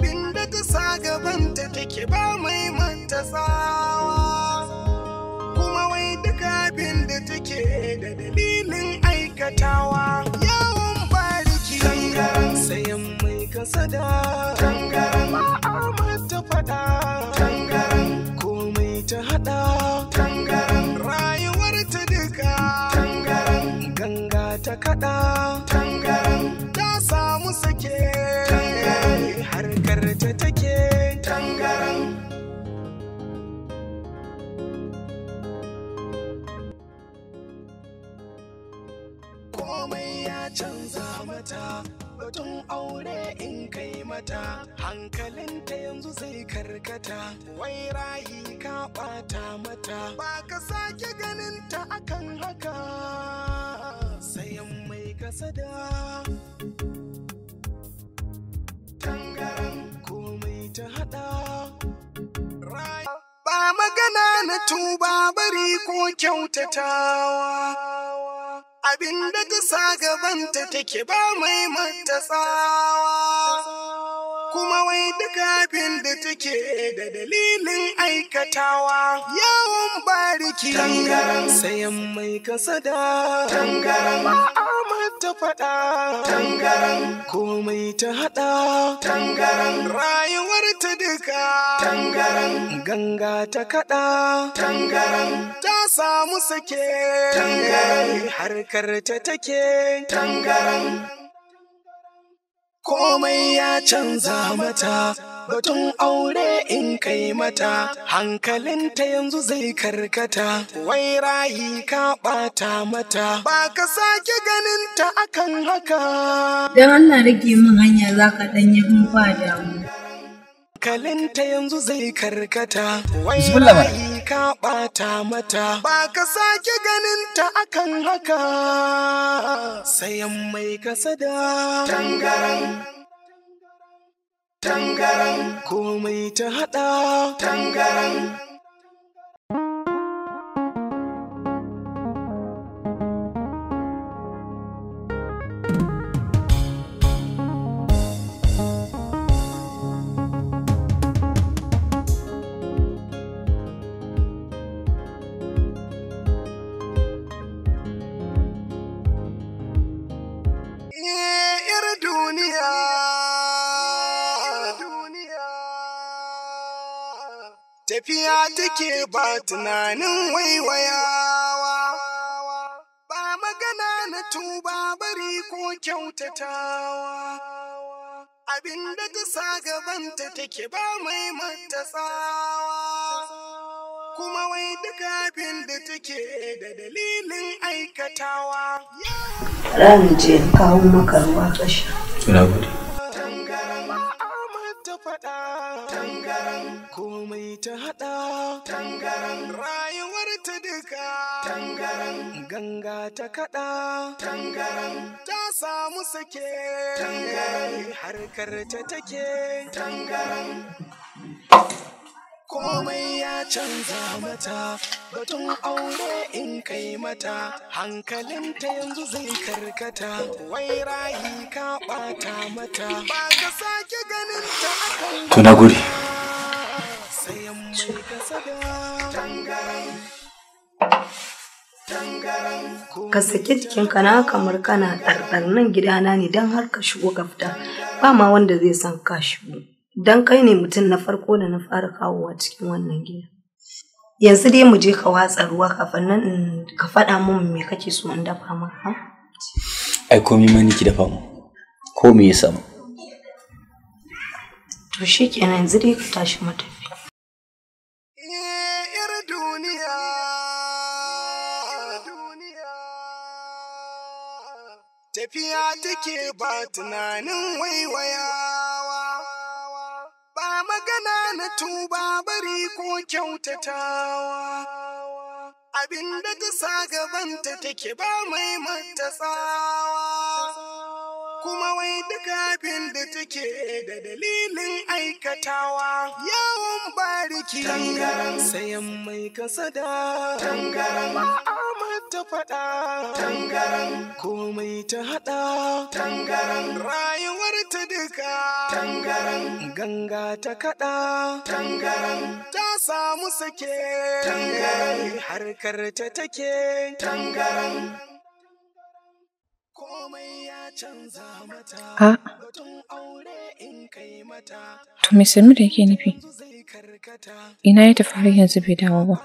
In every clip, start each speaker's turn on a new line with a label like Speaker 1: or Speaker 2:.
Speaker 1: abin ka sa mata batun aure in kai mata hankalinta yanzu zai karkata wai rahi ka bata mata ba ka sake ganinta akan haka sayan mai kasada tangaran komai ta hada ba magana na tuba bari ko kyautatawa abin da ta sa gabanta take ba mai mata tsawa. kuma wai duka abin da take da dalilin aikatawa yawon bariki tangaran sayan mai kasada tangaran ma'amar ta faɗa tangaran komai ta haɗa tangaran rayuwar ta duka tangaran ganga ta kaɗa tangaran ta samu sake tangaran harkar ta take tangaran komai ya canza mata batun aure in kai mata hankalinta yanzu zai karkata wai rahi ka bata mata ba ka sake ganin ta akan haka
Speaker 2: dan Allah rage min hanya za ka dan yi ba damu
Speaker 1: hankalinta yanzu zai karkata wai ka ɓata mata ba ka sake ganin ta akan haka sayan mai kasada tangaran tangaran komai ta hada tangaran tafiya take ba tunanin waiwayawa ba magana na tuba bari ko kyautatawa abin da ta sa gabanta take ba mai matasawa kuma wai duka abin
Speaker 2: da take da dalilin aikatawa ran je kawo maka ruwa kasha. Ina gode. Tangarama ta faɗa.
Speaker 1: komai ta haɗa tangaran rayuwar ta duka tangaran ganga ta kaɗa tangaran ta samu sake tangaran harkar ta take tangaran komai ya canza mata batun aure in kai mata hankalinta yanzu zai karkata wai
Speaker 2: rayi ka bata mata ba ka sake ganin ta akan to na ka saki jikinka na kamar kana ɗarɗar nan gidana ne don har ka shigo ka fita ba ma wanda zai san ka shigo don kai ne mutum na farko da na fara kawowa cikin wannan gida yanzu dai mu je ka watsa ruwa kafin nan ka faɗa min me kake so in dafa ha ai komai ma niki dafa mu ko me ya sama? to shikenan yanzu dai ka tashi mata
Speaker 1: tafiya take ba tunanin waiwayawa. Ba magana na tuba bari ko kyautatawa. Abin da ta sa gabanta take ba mai matasawa. kuma wai duk abin da take da dalilin aikatawa yawon bariki tangaran sayan mai kasada tangaran ma'amar ta faɗa tangaran komai ta haɗa tangaran rayuwar ta duka tangaran ganga ta kaɗa tangaran ta samu sake tangaran harkar ta take tangaran
Speaker 2: komai A. To me Samir yake nufi? Ina ya tafi har yanzu bai dawo ba.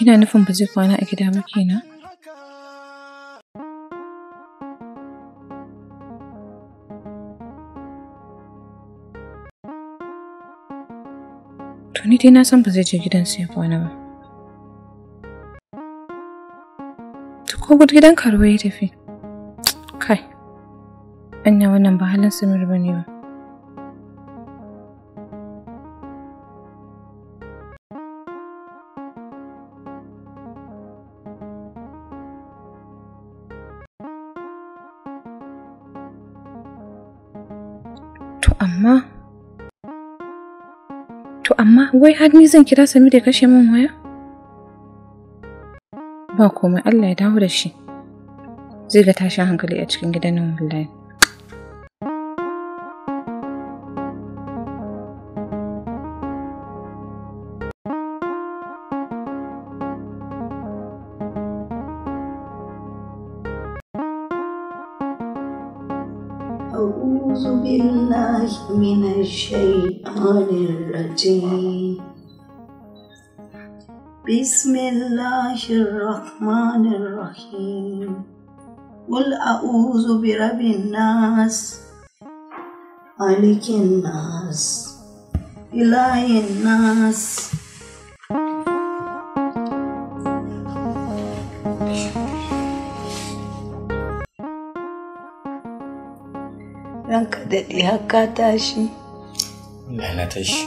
Speaker 2: Ina nufin ba zai kwana a gida ba kenan. dai na san ba zai je gidansu ya kwana ba. To gidan karuwa ya tafi? anya wannan ba halin samir ba ne ba to amma to amma wai har ni zan kira sami ya kashe min waya ba komai allah ya dawo da shi zai ga tashin hankali a cikin gidan nan wallahi من الشيطان الرجيم بسم الله الرحمن الرحيم قل أعوذ برب الناس ملك الناس إله الناس daɗe haka tashi wallahi na tashi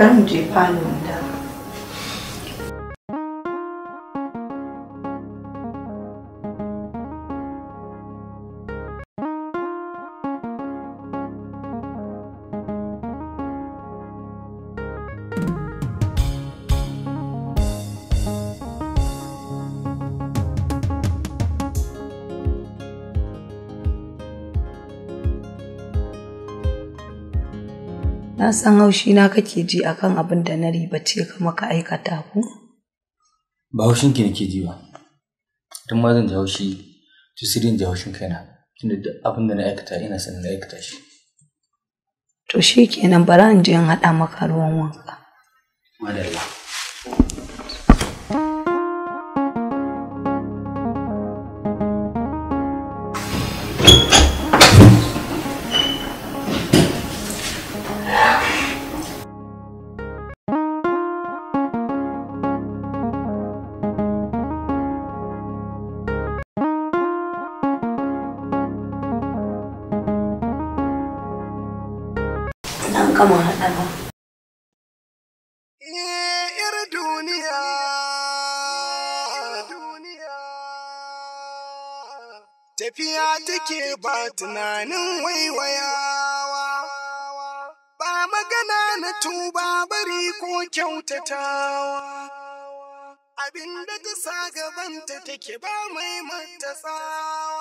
Speaker 2: Ibrahim je falo na san haushi na kake ji akan abin da na ribace ka maka aikata ku? Ba haushin ki nake ji ba. Tun ma zan ji haushi, tu sai ji haushin kaina. Tunda da abin da na aikata ina sanin na aikata shi. To shi kenan bara in je in haɗa maka ruwan wanka. Madalla.
Speaker 1: kamun haɗarwa. duniya tafiya take ba tunanin waiwayawa ba magana na tuba bari ko kyautatawa abinda ta sa gabanta take ba mai matasawa.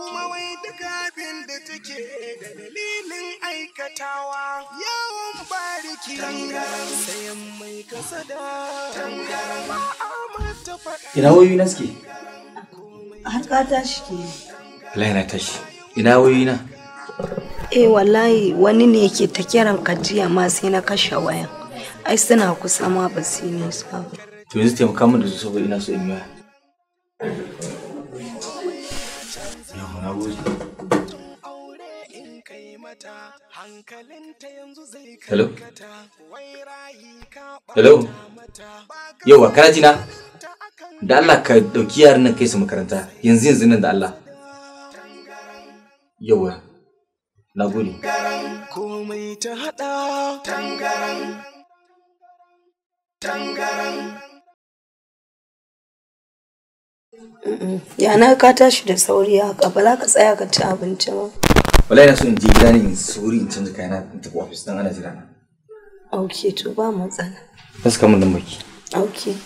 Speaker 1: kuma wai duk abin da take da dalilin aikatawa yawon bariki sayan mai kasa da ina wayoyi na suke
Speaker 2: har ka tashi ke lai na tashi ina wayoyi na eh wallahi wani ne yake ta kiran kajiya ma sai na kashe wayan ai suna kusa ma ba su yi nisa ba to yanzu taimaka min da su saboda ina so in yi waya Hello? Hello? Yauwa, kana ji na? Da Allah ka ɗauki yaran nan kai su makaranta, yanzu yanzu nan da Allah. Yauwa, na gode. ta haɗa tangaran, Ya na ka tashi da sauri haka ba za ka tsaya ka ci abinci ba. Wallahi na so in je gida ne in sauri in canza kayana in tafi office dan ana jira na. Auke to ba matsala. Bas ka mun baki. Auke.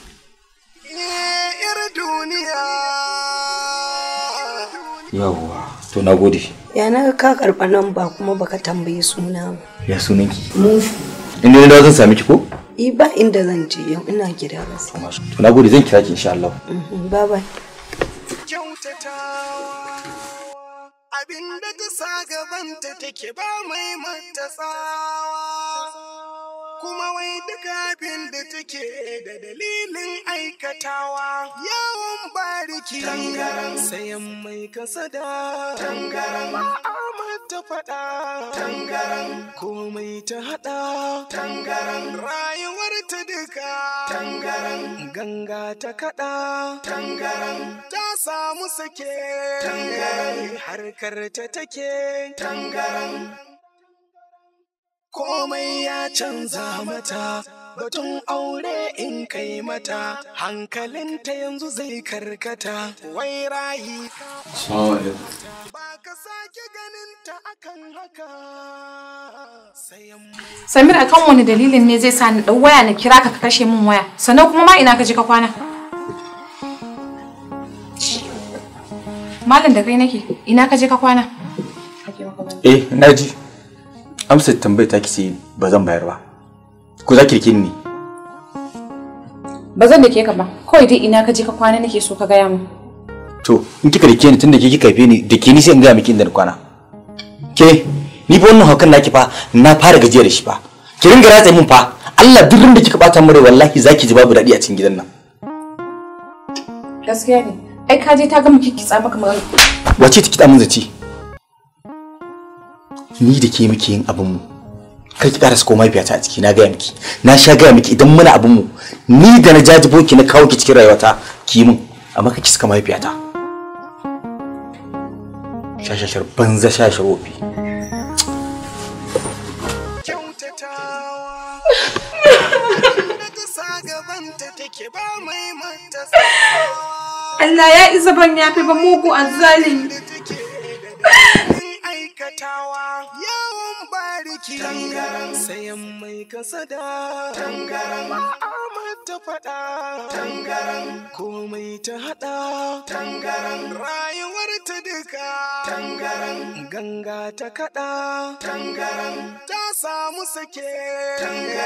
Speaker 2: Yar duniya. Yawwa to na gode. Ya na ka karɓa nan ba kuma baka tambaye suna ba. Ya sunanki. Mu. Inda da zan sami ki ko? I ba inda zan je yau ina gida gaskiya. To na gode zan kira ki insha Allah. Mm-hmm, bye bye.
Speaker 1: Abin da ta sa gabanta take ba mai mata kuma wai duk abin da take da dalilin aikatawa yawon bariki tangaran sayan mai kasada tangaran ma'amar ta faɗa tangaran komai ta haɗa tangaran rayuwar ta duka tangaran ganga ta kaɗa tangaran ta samu sake tangaran harkar ta take tangaran komai ya canza mata batun aure in kai mata hankalinta yanzu zai karkata wai rahi
Speaker 2: akan samir akan wani dalilin ne zai sa ni dau waya na kira ka kashe min waya sannan kuma ma ina ka ji ka kwana malam da kai nake ina ka je ka kwana
Speaker 1: eh na ji amsa tambayar ta kice ba zan bayar ba ko za ki rike ni
Speaker 2: ba zan da ke ka ba kawai dai ina ka je ka kwana nake so ka gaya mu
Speaker 1: to in kika rike ni tunda ke ki haife ni da ke ni sai in gaya miki inda na kwana ke ni ba wannan hakan naki fa na fara gajiya da shi fa ki ringa ratsa min fa Allah duk da kika bata mure wallahi zaki ji babu daɗi a cikin gidan nan
Speaker 2: gaskiya ne ai ka je ta ga miki kitsa tsama kamar
Speaker 1: wace ta kida mun zaci ni da ke muke yin abin mu kai ki karasa komai fiya ta a ciki na gaya miki na sha gaya miki idan muna abin mu ni da na jaji boki na kawo ki cikin rayuwata ki yi min amma kake suka mahaifiyata shashashar banza
Speaker 2: shashar wofi Allah ya isa ban ya fi ba mugu an zalimi
Speaker 1: aikatawa yawon bariki tangaran sayan mai kasada tangaran ma'amar ta fada tangaran komai ta hada tangaran rayuwar ta duka tangaran
Speaker 2: ganga ta kada tangaran
Speaker 1: ta samu sake